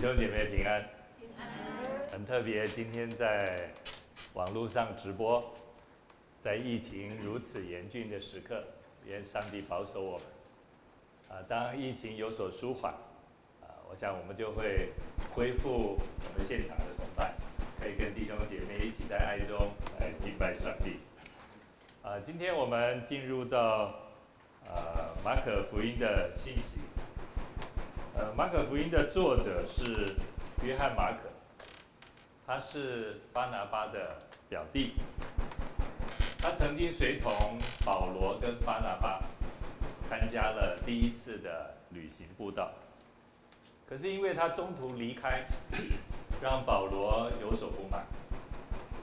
弟兄姐妹平安，很特別。今天在網絡上直播，在疫情如此嚴峻的時刻，願上帝保守我們。啊，當疫情有所舒緩，啊，我想我們就會恢復我們現場的崇拜，可以跟弟兄姐妹一起在愛中來敬拜上帝。啊，今天我們進入到呃、啊、馬可福音的信息。馬可福音的作者是約翰馬可，他是巴拿巴的表弟，他曾經隨同保羅跟巴拿巴參加了第一次的旅行佈道，可是因為他中途離開，讓保羅有所不滿，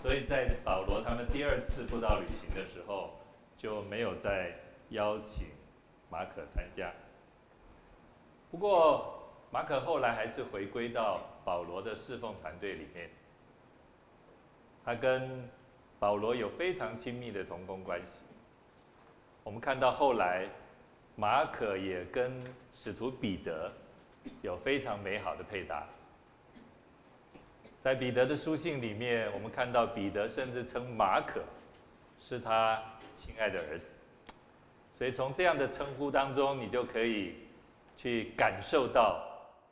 所以在保羅他們第二次佈道旅行的時候就沒有再邀請馬可參加。不過，馬可後來還是回歸到保羅的侍奉團隊裡面。他跟保羅有非常親密的同工關係。我們看到後來，馬可也跟使徒彼得有非常美好的配搭。在彼得的書信裡面，我們看到彼得甚至稱馬可是他親愛的兒子。所以從這樣的稱呼當中，你就可以，去感受到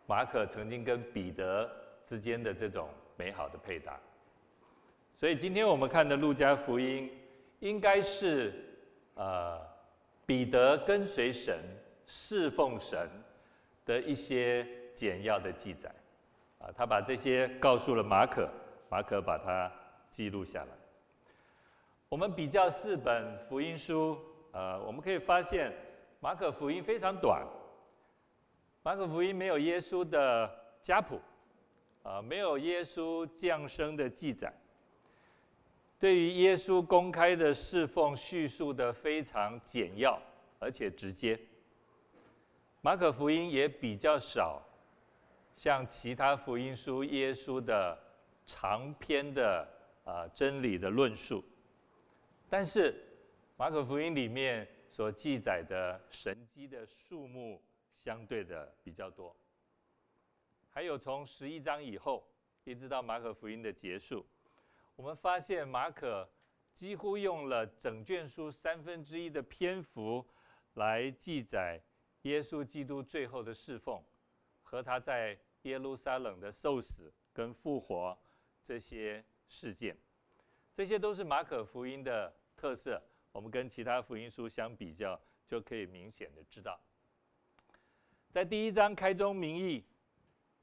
馬可曾經跟彼得之間的這種美好的配搭，所以今天我們看的路加福音，應該是呃彼得跟隨神、侍奉神的一些簡要的記載，啊，他把這些告訴了馬可，馬可把它記錄下來。我們比較四本福音書，呃，我們可以發現馬可福音非常短。馬可福音沒有耶穌的家譜，啊、呃，沒有耶穌降生的記載。對於耶穌公開的侍奉敘述的非常簡要而且直接。馬可福音也比較少，像其他福音書耶穌的長篇的啊、呃、真理的論述。但是馬可福音裡面所記載的神蹟的數目，相對的比較多，還有從十一章以後一直到馬可福音的結束，我們發現馬可幾乎用了整卷書三分之一的篇幅來記載耶穌基督最後的侍奉和他在耶路撒冷的受死跟復活這些事件，這些都是馬可福音的特色。我們跟其他福音書相比較，就可以明顯的知道。在第一章開宗明義，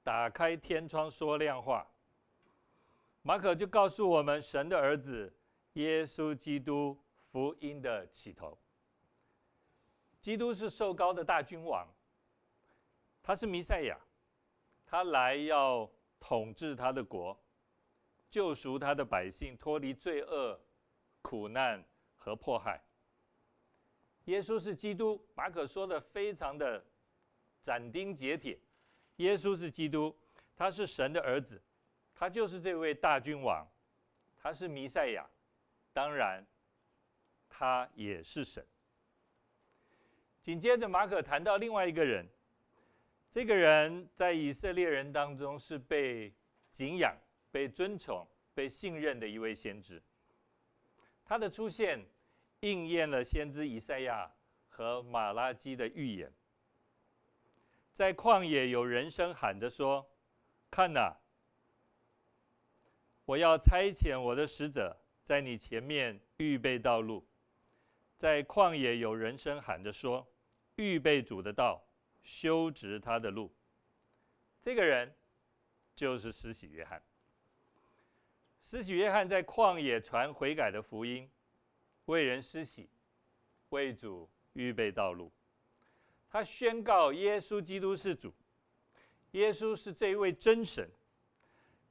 打開天窗說亮話，馬可就告訴我們，神的兒子耶穌基督福音的起頭。基督是受膏的大君王，他是彌賽亞，他來要統治他的國，救贖他的百姓，脫離罪惡、苦難和迫害。耶穌是基督，馬可說的非常的。斬釘截鐵，耶穌是基督，他是神的兒子，他就是這位大君王，他是彌賽亞，當然，他也是神。緊接着，馬可談到另外一個人，這個人在以色列人當中是被敬仰、被尊崇、被信任的一位先知，他的出現應驗了先知以賽亞和馬拉基的預言。在曠野有人聲喊着說：“看哪，我要差遣我的使者在你前面預備道路。”在曠野有人聲喊着說：“預備主的道，修直他的路。”這個人就是施洗約翰。施洗約翰在曠野傳悔改的福音，為人施洗，為主預備道路。他宣告：耶穌基督是主，耶穌是這一位真神，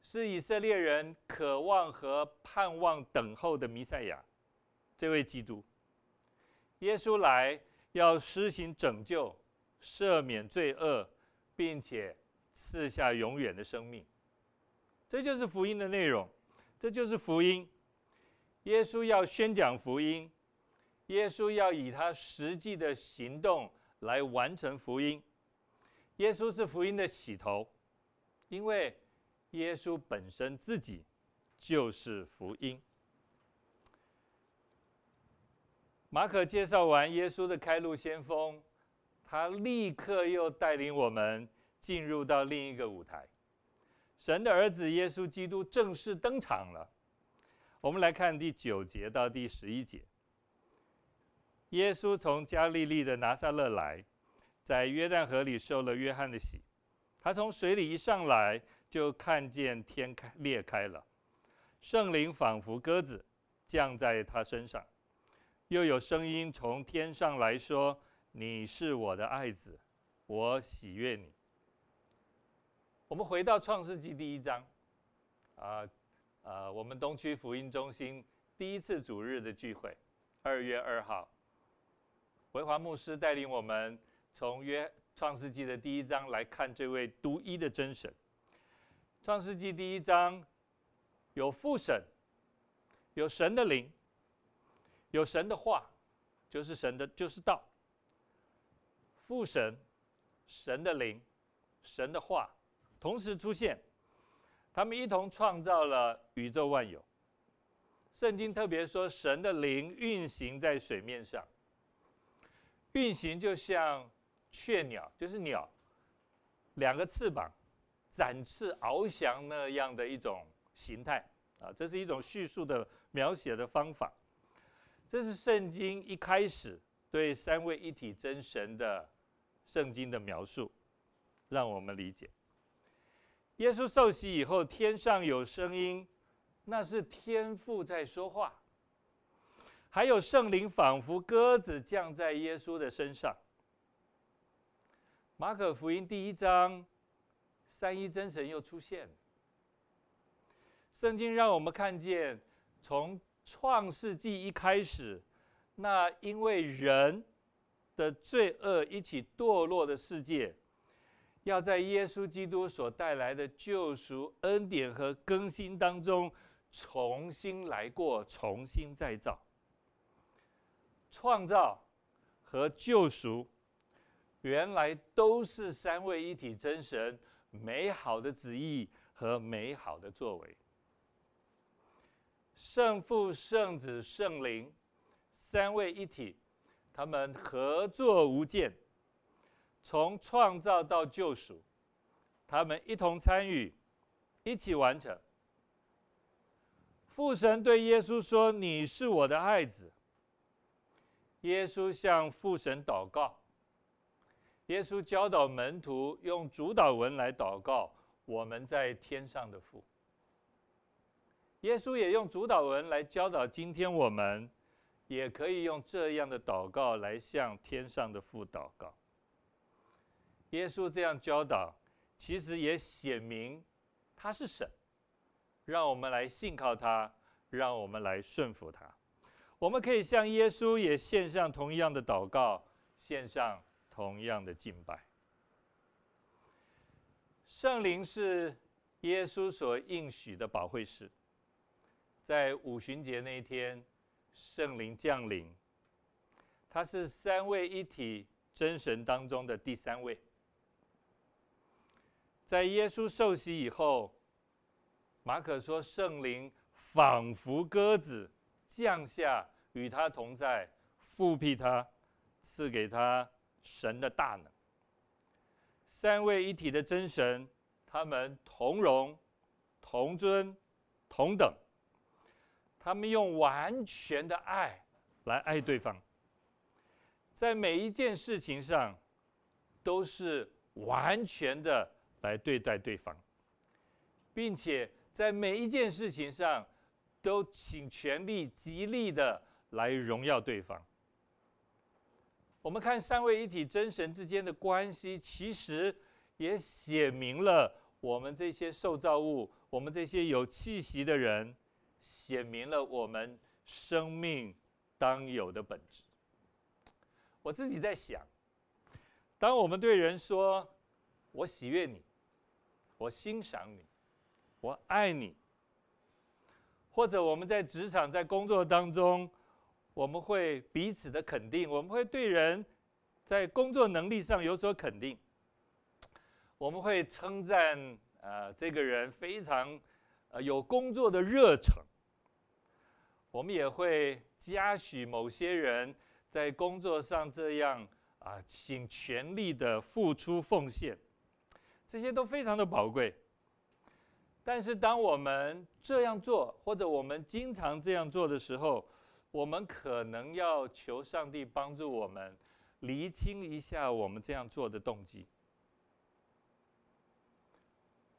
是以色列人渴望和盼望等候的彌賽亞，這位基督。耶穌來要施行拯救、赦免罪惡，並且賜下永遠的生命。這就是福音的內容，這就是福音。耶穌要宣講福音，耶穌要以他實際的行動。來完成福音，耶穌是福音的起頭，因為耶穌本身自己就是福音。馬可介紹完耶穌的開路先鋒，他立刻又帶領我們進入到另一個舞台，神的兒子耶穌基督正式登場了。我們來看第九節到第十一節。耶穌從加利利的拿撒勒來，在約旦河裡受了約翰的洗。他從水裡一上來，就看見天開裂開了，聖靈仿佛鴿子降在他身上，又有聲音從天上來說：“你是我的愛子，我喜悅你。”我們回到創世紀第一章，啊、呃，啊、呃，我們東區福音中心第一次主日的聚會，二月二號。維華牧師帶領我們從約創世紀的第一章來看這位獨一的真神。創世紀第一章有父神，有神的靈，有神的話，就是神的，就是道。父神、神的靈、神的話同時出現，他們一同創造了宇宙萬有。聖經特別說，神的靈運行在水面上。運行就像雀鳥，就是鳥，兩個翅膀展翅翱翔那樣的一種形態啊，這是一種敘述的描寫的方法。這是聖經一開始對三位一體真神的聖經的描述，讓我們理解。耶穌受洗以後，天上有聲音，那是天父在說話。還有聖靈仿佛鴿子降在耶穌的身上。馬可福音第一章，三一真神又出現。聖經讓我們看見，從創世紀一開始，那因為人的罪惡一起墮落的世界，要在耶穌基督所帶來的救贖恩典和更新當中，重新來過，重新再造。創造和救贖，原來都是三位一體真神美好的旨意和美好的作為。聖父、聖子、聖靈三位一體，他們合作無間，從創造到救贖，他們一同參與，一起完成。父神對耶穌說：“你是我的愛子。”耶穌向父神禱告。耶穌教導門徒用主禱文來禱告，我們在天上的父。耶穌也用主禱文來教導，今天我們也可以用這樣的禱告來向天上的父禱告。耶穌這樣教導，其實也顯明他是神，讓我們來信靠他，讓我們來順服他。我們可以向耶穌也獻上同樣的禱告，獻上同樣的敬拜。聖靈是耶穌所應許的保惠師，在五旬節那一天，聖靈降臨。他是三位一體真神當中的第三位。在耶穌受洗以後，馬可說聖靈仿佛鴿子。降下與他同在，覆辟他，賜給他神的大能。三位一體的真神，他們同榮、同尊、同等，他們用完全的愛來愛對方，在每一件事情上都是完全的來對待對方，並且在每一件事情上，都儘全力，極力的來榮耀對方。我們看三位一體真神之間的關係，其實也寫明了我們這些受造物，我們這些有氣息的人，寫明了我們生命當有的本質。我自己在想，當我們對人說“我喜悅你”“我欣賞你”“我愛你”。或者我們在職場在工作當中，我們會彼此的肯定，我們會對人在工作能力上有所肯定，我們會稱讚啊、呃、這個人非常呃有工作的熱忱，我們也會嘉許某些人在工作上這樣啊、呃、盡全力的付出奉獻，這些都非常的寶貴。但是，當我們這樣做，或者我們經常這樣做的時候，我們可能要求上帝幫助我們，釐清一下我們這樣做的動機。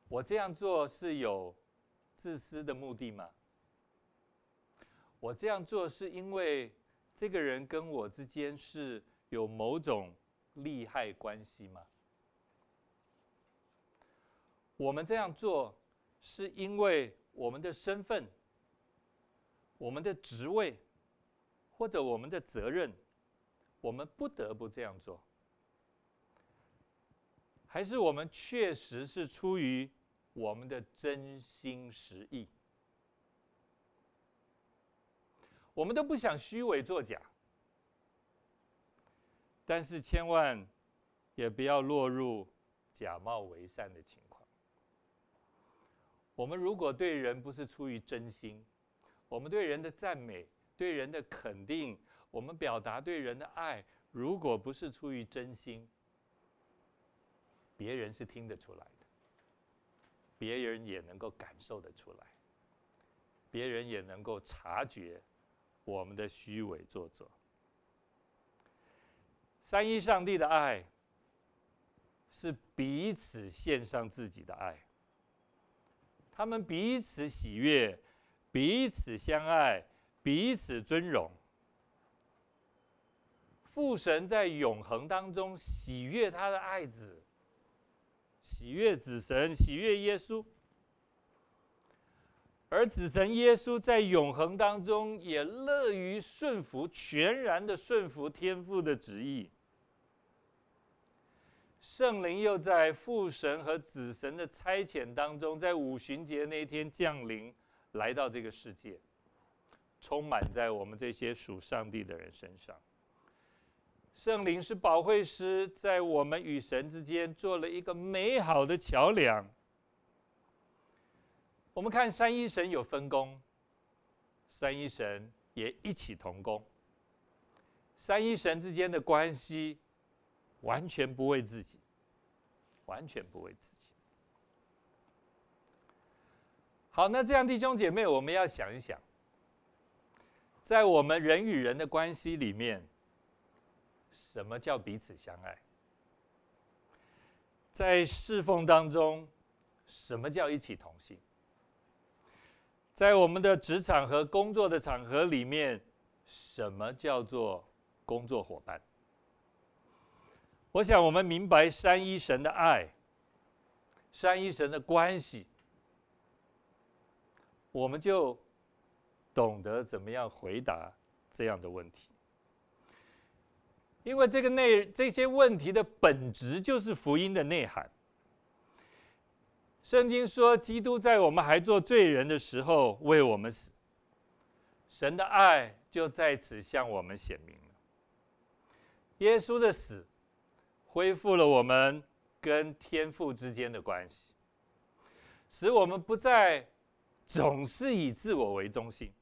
我這樣做是有自私的目的嗎？我這樣做是因為這個人跟我之間是有某種利害關係嗎？我們這樣做，是因為我們的身份、我們的職位，或者我們的責任，我們不得不這樣做，還是我們確實是出於我們的真心實意？我們都不想虛偽作假，但是千萬也不要落入假冒偽善的情況。我們如果對人不是出於真心，我們對人的讚美、對人的肯定、我們表達對人的愛，如果不是出於真心，別人是聽得出來的，別人也能夠感受得出來，別人也能夠察覺我們的虛偽做作。三一上帝的愛是彼此獻上自己的愛。他們彼此喜悅，彼此相愛，彼此尊榮。父神在永恆當中喜悅他的愛子，喜悅子神，喜悅耶穌。而子神耶穌在永恆當中也樂於順服，全然的順服天父的旨意。聖靈又在父神和子神的差遣當中，在五旬節那天降臨，來到這個世界，充滿在我們這些屬上帝的人身上。聖靈是保惠師，在我們與神之間做了一個美好的橋樑。我們看三一神有分工，三一神也一起同工，三一神之間的關係。完全不為自己，完全不為自己。好，那這樣弟兄姐妹，我們要想一想，在我們人與人的關係裡面，什麼叫彼此相愛？在侍奉當中，什麼叫一起同行？在我們的職場和工作的場合裡面，什麼叫做工作夥伴？我想，我們明白三一神的愛，三一神的關係，我們就懂得怎麼樣回答這樣的問題。因為這個內這些問題的本質就是福音的內涵。聖經說，基督在我們還做罪人的時候為我們死，神的愛就在此向我們顯明了。耶穌的死。恢復了我們跟天父之間的關係，使我們不再總是以自我為中心。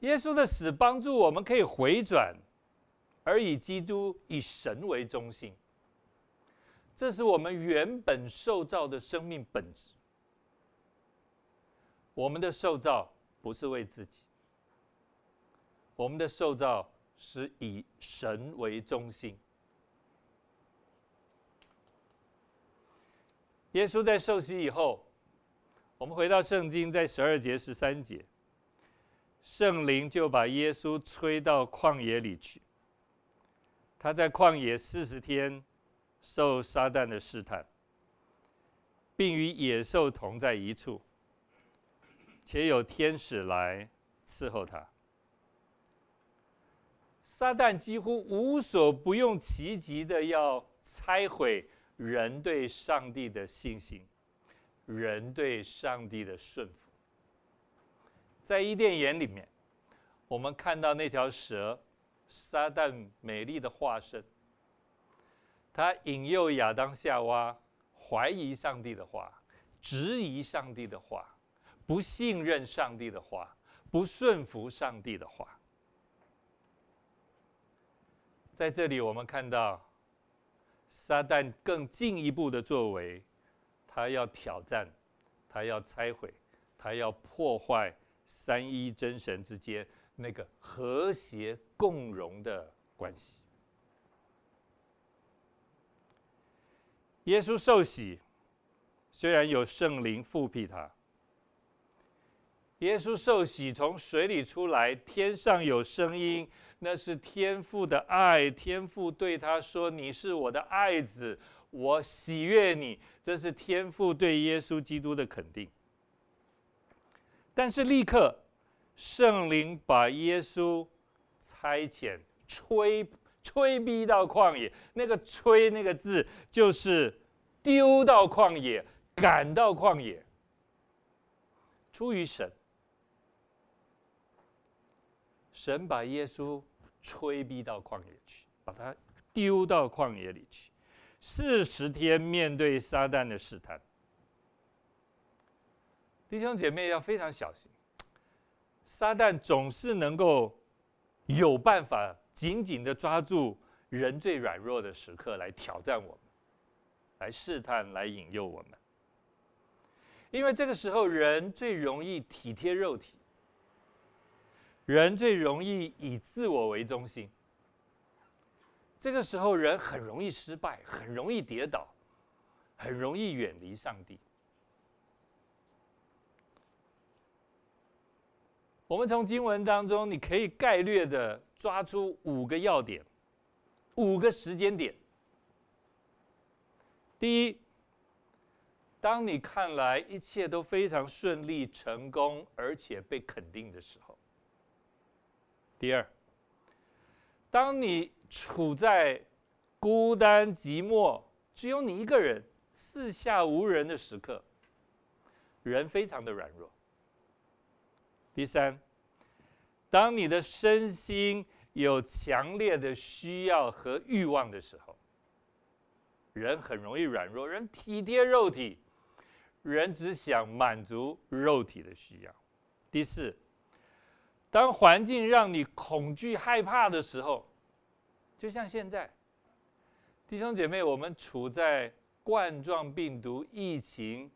耶穌的死幫助我們可以回轉，而以基督、以神為中心。這是我們原本受造的生命本質。我們的受造不是為自己，我們的受造是以神為中心。耶穌在受洗以後，我們回到聖經，在十二節、十三節，聖靈就把耶穌催到曠野裡去。他在曠野四十天，受撒旦的試探，並與野獸同在一處，且有天使來伺候他。撒旦幾乎無所不用其極的要拆毀。人對上帝的信心，人對上帝的順服，在伊甸園裡面，我們看到那條蛇，撒旦美麗的化身，他引誘亞當夏娃懷疑上帝的話，質疑上帝的話，不信任上帝的話，不順服上帝的話。在這裡，我們看到。撒旦更進一步的作為，他要挑戰，他要拆毀，他要破壞三一真神之間那個和諧共融的關係。耶穌受洗，雖然有聖靈復辟他，耶穌受洗從水裡出來，天上有聲音。那是天父的愛，天父對他說：“你是我的愛子，我喜悅你。”這是天父對耶穌基督的肯定。但是立刻，聖靈把耶穌差遣，催、催逼到曠野。那個“催”那個字就是丟到曠野，趕到曠野。出於神，神把耶穌。催逼到曠野去，把他丟到曠野裡去，四十天面對撒旦的試探，弟兄姐妹要非常小心。撒旦總是能夠有辦法緊緊的抓住人最軟弱的時刻來挑戰我們，來試探，來引誘我們，因為這個時候人最容易體貼肉體。人最容易以自我為中心，這個時候人很容易失敗，很容易跌倒，很容易遠離上帝。我們從經文當中，你可以概略的抓出五個要點，五個時間點。第一，當你看來一切都非常順利、成功，而且被肯定的時候。第二，當你處在孤單寂寞、只有你一個人、四下無人的時刻，人非常的軟弱。第三，當你的身心有強烈的需要和欲望的時候，人很容易軟弱。人體貼肉體，人只想滿足肉體的需要。第四，當環境讓你恐懼害怕的時候，就像現在，弟兄姐妹，我們處在冠狀病毒疫情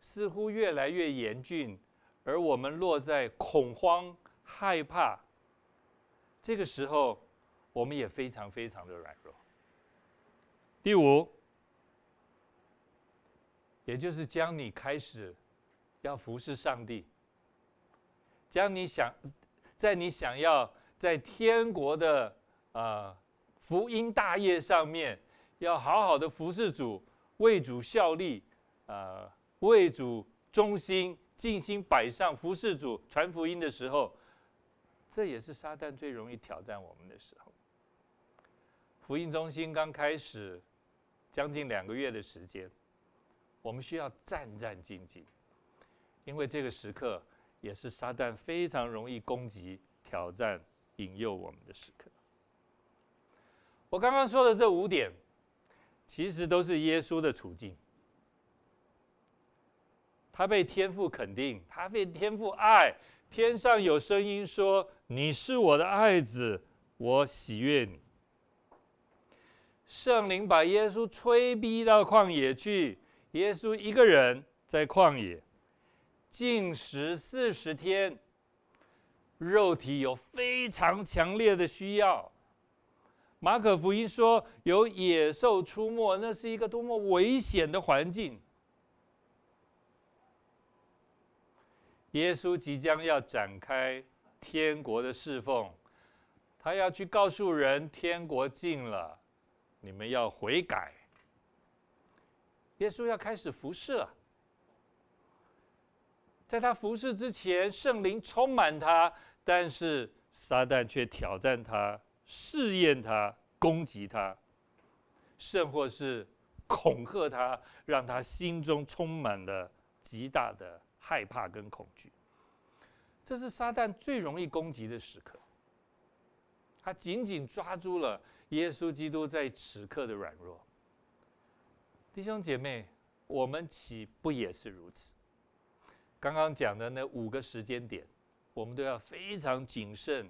似乎越來越嚴峻，而我們落在恐慌害怕。這個時候，我們也非常非常的軟弱。第五，也就是將你開始要服侍上帝，將你想。在你想要在天國的啊、呃、福音大業上面，要好好的服侍主、為主效力、啊、呃、為主忠心盡心擺上服侍主、傳福音的時候，這也是撒旦最容易挑戰我們的時候。福音中心剛開始將近兩個月的時間，我們需要戰戰兢兢，因為這個時刻。也是撒旦非常容易攻擊、挑戰、引誘我們的時刻。我剛剛說的這五點，其實都是耶穌的處境。他被天父肯定，他被天父愛。天上有聲音說：“你是我的愛子，我喜悅你。”聖靈把耶穌催逼到曠野去，耶穌一個人在曠野。禁食四十天，肉體有非常強烈的需要。馬可福音說有野獸出沒，那是一個多麼危險的環境！耶穌即將要展開天國的侍奉，他要去告訴人天國近了，你們要悔改。耶穌要開始服侍了。在他服侍之前，聖靈充滿他，但是撒旦卻挑戰他、試驗他、攻擊他，甚或是恐嚇他，讓他心中充滿了極大的害怕跟恐懼。這是撒旦最容易攻擊的時刻。他緊緊抓住了耶穌基督在此刻的軟弱。弟兄姐妹，我們豈不也是如此？剛剛講的那五個時間點，我們都要非常謹慎。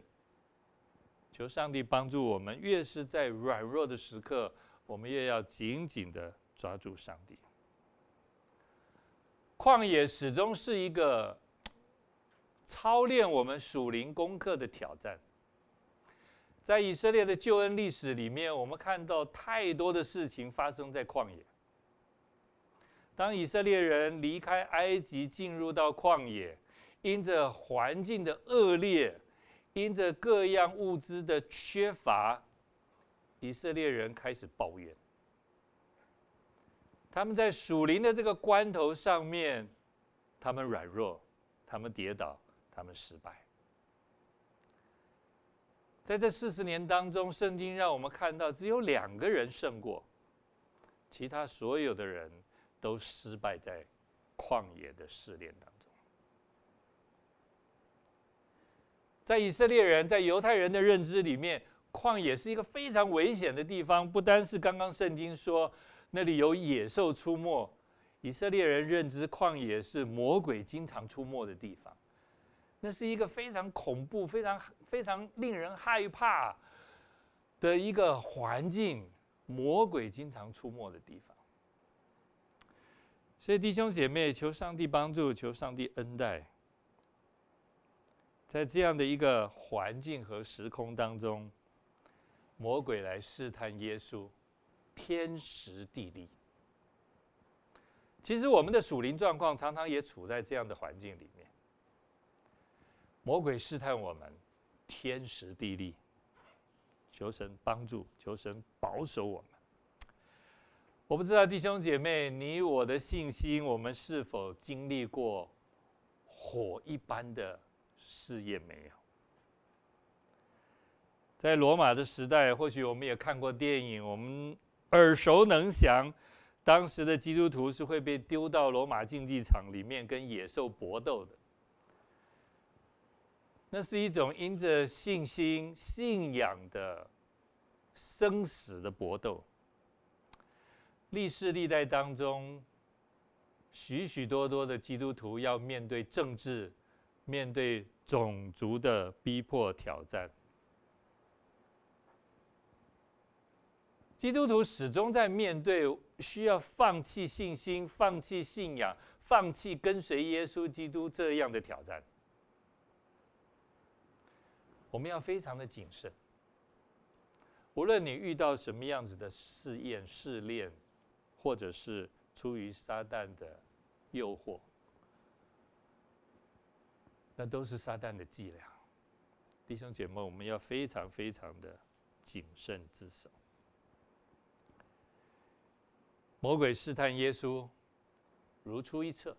求上帝幫助我們，越是在軟弱的時刻，我們越要緊緊的抓住上帝。曠野始終是一個操練我們屬靈功課的挑戰。在以色列的救恩歷史裡面，我們看到太多的事情發生在曠野。當以色列人離開埃及，進入到曠野，因着環境的惡劣，因着各樣物資的缺乏，以色列人開始抱怨。他們在屬靈的這個關頭上面，他們軟弱，他們跌倒，他們失敗。在這四十年當中，聖經讓我們看到，只有兩個人勝過其他所有的人。都失敗在曠野的試煉當中。在以色列人、在猶太人的認知裡面，曠野是一個非常危險的地方。不單是剛剛聖經說那裡有野獸出沒，以色列人認知曠野是魔鬼經常出沒的地方。那是一個非常恐怖、非常非常令人害怕的一個環境，魔鬼經常出沒的地方。所以弟兄姐妹，求上帝幫助，求上帝恩待，在這樣的一個環境和時空當中，魔鬼來試探耶穌，天時地利。其實我們的屬靈狀況常常也處在這樣的環境裡面，魔鬼試探我們，天時地利，求神幫助，求神保守我們。我不知道弟兄姐妹，你我的信心，我們是否經歷過火一般的試驗沒有？在羅馬的時代，或許我們也看過電影，我們耳熟能詳。當時的基督徒是會被丟到羅馬競技場裡面跟野獸搏鬥的，那是一種因着信心、信仰的生死的搏鬥。歷世歷代當中，許許多多的基督徒要面對政治、面對種族的逼迫挑戰。基督徒始終在面對需要放棄信心、放棄信仰、放棄跟隨耶穌基督這樣的挑戰。我們要非常的謹慎。無論你遇到什麼樣子的試驗、試煉，或者是出於撒旦的誘惑，那都是撒旦的伎倆。弟兄姐妹，我們要非常非常的謹慎自守。魔鬼試探耶穌，如出一轍，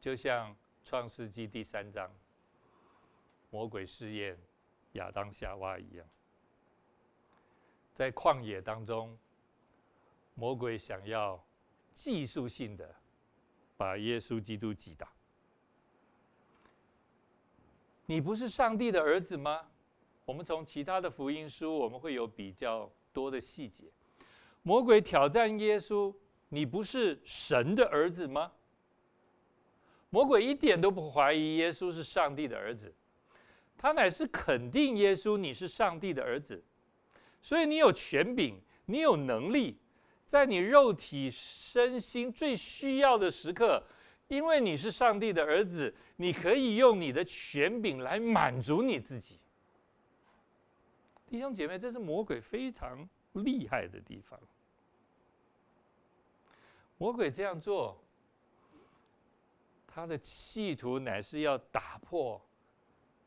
就像《創世記》第三章魔鬼試驗亞當夏娃一樣，在曠野當中。魔鬼想要技術性的把耶穌基督擊倒。你不是上帝的兒子嗎？我們從其他的福音書，我們會有比較多的細節。魔鬼挑戰耶穌：“你不是神的兒子嗎？”魔鬼一點都不懷疑耶穌是上帝的兒子，他乃是肯定耶穌：“你是上帝的兒子，所以你有權柄，你有能力。”在你肉體身心最需要的時刻，因為你是上帝的兒子，你可以用你的權柄來滿足你自己。弟兄姐妹，這是魔鬼非常厲害的地方。魔鬼這樣做，他的企圖乃是要打破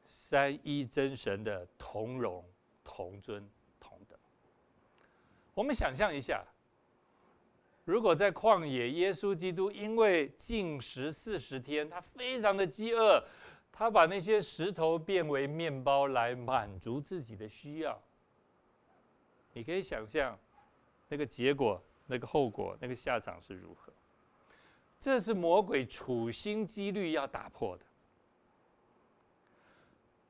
三一真神的同榮、同尊、同等。我們想象一下。如果在曠野，耶穌基督因為禁食四十天，他非常的饑餓，他把那些石頭變為麵包來滿足自己的需要。你可以想象，那個結果、那個後果、那個下場是如何？這是魔鬼處心積慮要打破的。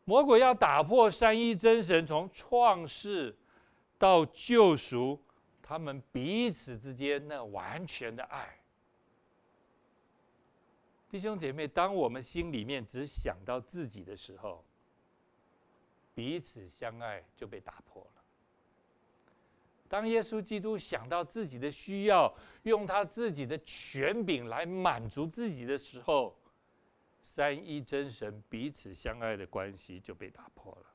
魔鬼要打破三一真神從創世到救贖。他們彼此之間那完全的愛，弟兄姐妹，當我們心裡面只想到自己的時候，彼此相愛就被打破了。當耶穌基督想到自己的需要用他自己的權柄來滿足自己的時候，三一真神彼此相愛的關係就被打破了。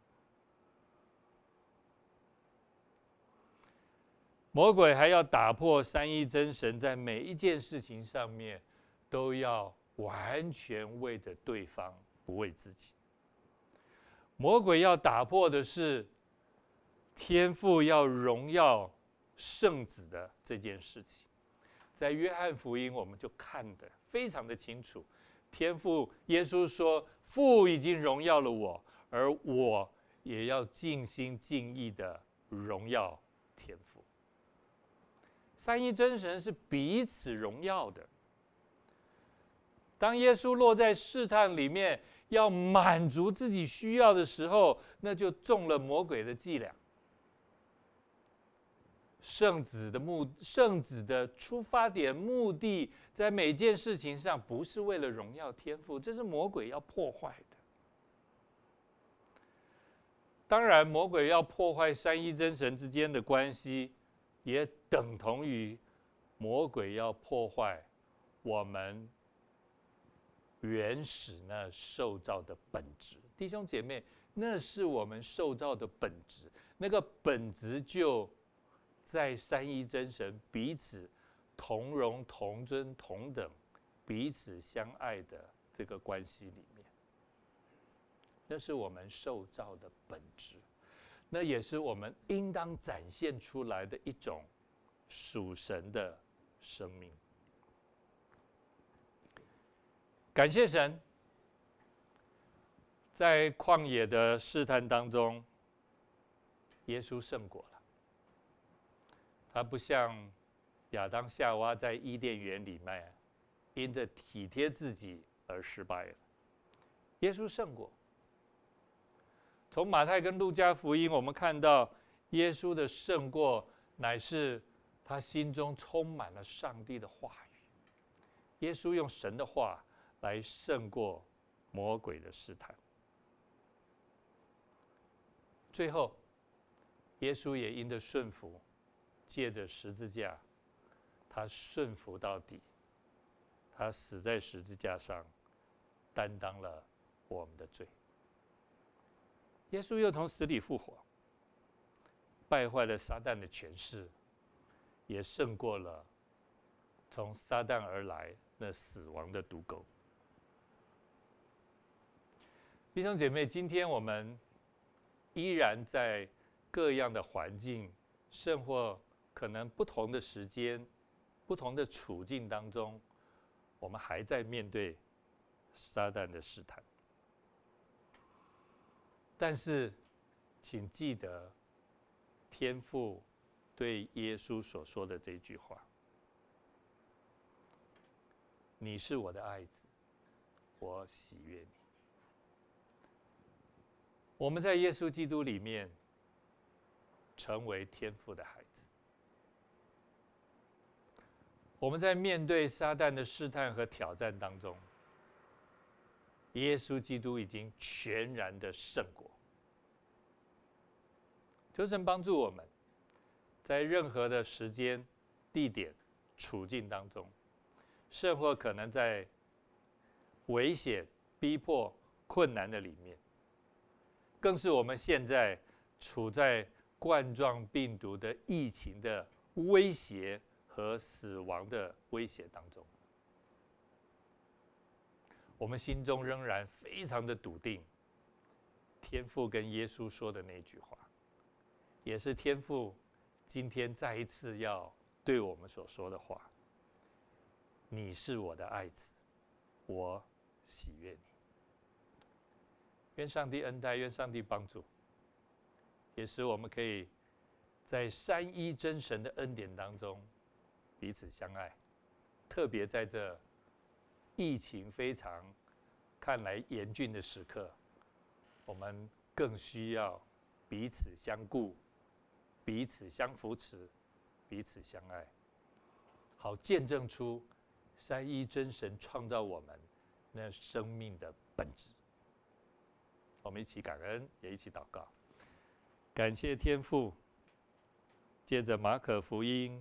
魔鬼還要打破三一真神在每一件事情上面都要完全為着對方，不為自己。魔鬼要打破的是天父要榮耀聖子的這件事情，在約翰福音我們就看得非常的清楚。天父，耶穌說：“父已經榮耀了我，而我也要盡心盡意的榮耀天父。”三一真神是彼此榮耀的。當耶穌落在試探裡面，要滿足自己需要的時候，那就中了魔鬼的伎倆。聖子的目，聖子的出發點目的，在每件事情上不是為了榮耀天父，這是魔鬼要破壞的。當然，魔鬼要破壞三一真神之間的關係。也等同於魔鬼要破壞我們原始那受造的本質，弟兄姐妹，那是我們受造的本質，那個本質就在三一真神彼此同榮同尊同等彼此相愛的這個關係裡面，那是我們受造的本質。那也是我們應當展現出來的一種屬神的生命。感謝神，在曠野的試探當中，耶穌勝過了。他不像亞當夏娃在伊甸園裡面，因着體貼自己而失敗了。耶穌勝過。從馬太跟路加福音，我們看到耶穌的勝過，乃是他心中充滿了上帝的話語。耶穌用神的話來勝過魔鬼的試探。最後，耶穌也因着順服，借着十字架，他順服到底，他死在十字架上，擔當了我們的罪。耶穌又從死裡復活，敗壞了撒旦的權勢，也勝過了從撒旦而來那死亡的毒鉤。弟兄姐妹，今天我們依然在各樣的環境，甚或可能不同的時間、不同的處境當中，我們還在面對撒旦的試探。但是，請記得天父對耶穌所說的這句話：“你是我的愛子，我喜悅你。”我們在耶穌基督裡面成為天父的孩子。我們在面對撒旦的試探和挑戰當中。耶穌基督已經全然的勝過。求神幫助我們，在任何的時間、地點、處境當中，甚或可能在危險、逼迫、困難的裡面，更是我們現在處在冠狀病毒的疫情的威脅和死亡的威脅當中。我們心中仍然非常的篤定。天父跟耶穌說的那句話，也是天父今天再一次要對我們所說的話。你是我的愛子，我喜悅你。願上帝恩待，願上帝幫助，也使我們可以在三一真神的恩典當中彼此相愛，特別在這。疫情非常看來嚴峻的時刻，我們更需要彼此相顧、彼此相扶持、彼此相愛，好見證出三一真神創造我們那生命的本質。我們一起感恩，也一起禱告，感謝天父。藉著《馬可福音》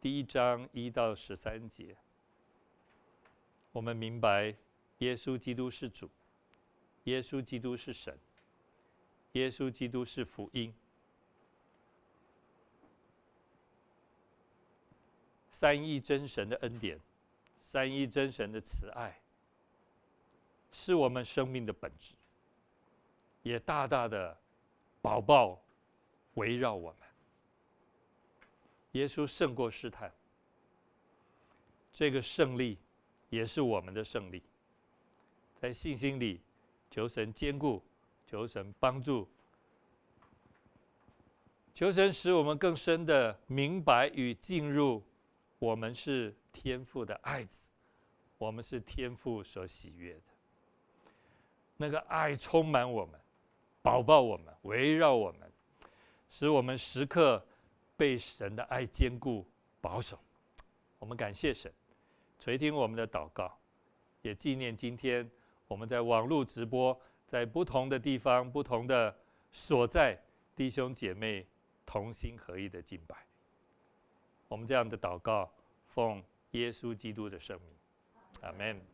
第一章一到十三節。我們明白，耶穌基督是主，耶穌基督是神，耶穌基督是福音，三一真神的恩典，三一真神的慈愛，是我們生命的本質，也大大的寶寶圍繞我們。耶穌勝過試探，這個勝利。也是我們的勝利，在信心裡求神堅固，求神幫助，求神使我們更深的明白與進入，我們是天父的愛子，我們是天父所喜悅的，那個愛充滿我們，保抱我們，圍繞我們，使我們時刻被神的愛堅固保守。我們感謝神。垂聽我們的禱告，也紀念今天我們在網絡直播，在不同的地方、不同的所在，弟兄姐妹同心合意的敬拜。我們這樣的禱告，奉耶穌基督的聖名，阿門。